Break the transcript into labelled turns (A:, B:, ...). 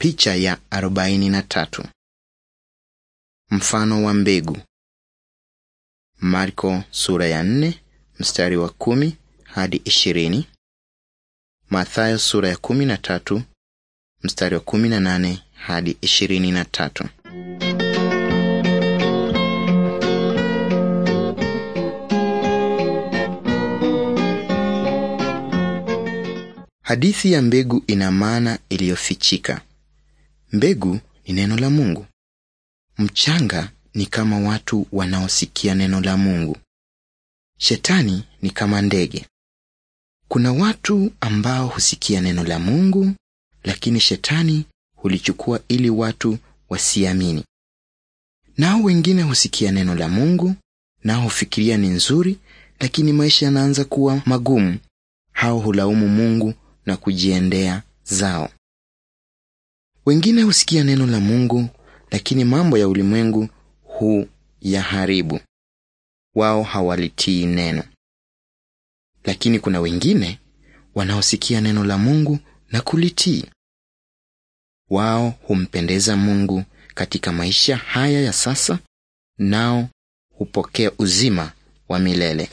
A: Picha ya 43. Mfano wa mbegu. Marko sura ya 4 mstari wa kumi hadi ishirini. Mathayo sura ya 13 mstari wa 18 hadi 23. Hadithi ya mbegu ina maana iliyofichika. Mbegu ni neno la Mungu. Mchanga ni kama watu wanaosikia neno la Mungu. Shetani ni kama ndege. Kuna watu ambao husikia neno la Mungu, lakini shetani hulichukua ili watu wasiamini. Nao wengine husikia neno la Mungu, nao hufikiria ni nzuri, lakini maisha yanaanza kuwa magumu. Hao hulaumu Mungu na kujiendea zao. Wengine husikia neno la Mungu, lakini mambo ya ulimwengu huyaharibu. Wao hawalitii neno. Lakini kuna wengine wanaosikia neno la Mungu na kulitii. Wao humpendeza Mungu katika maisha haya ya sasa, nao hupokea uzima wa milele.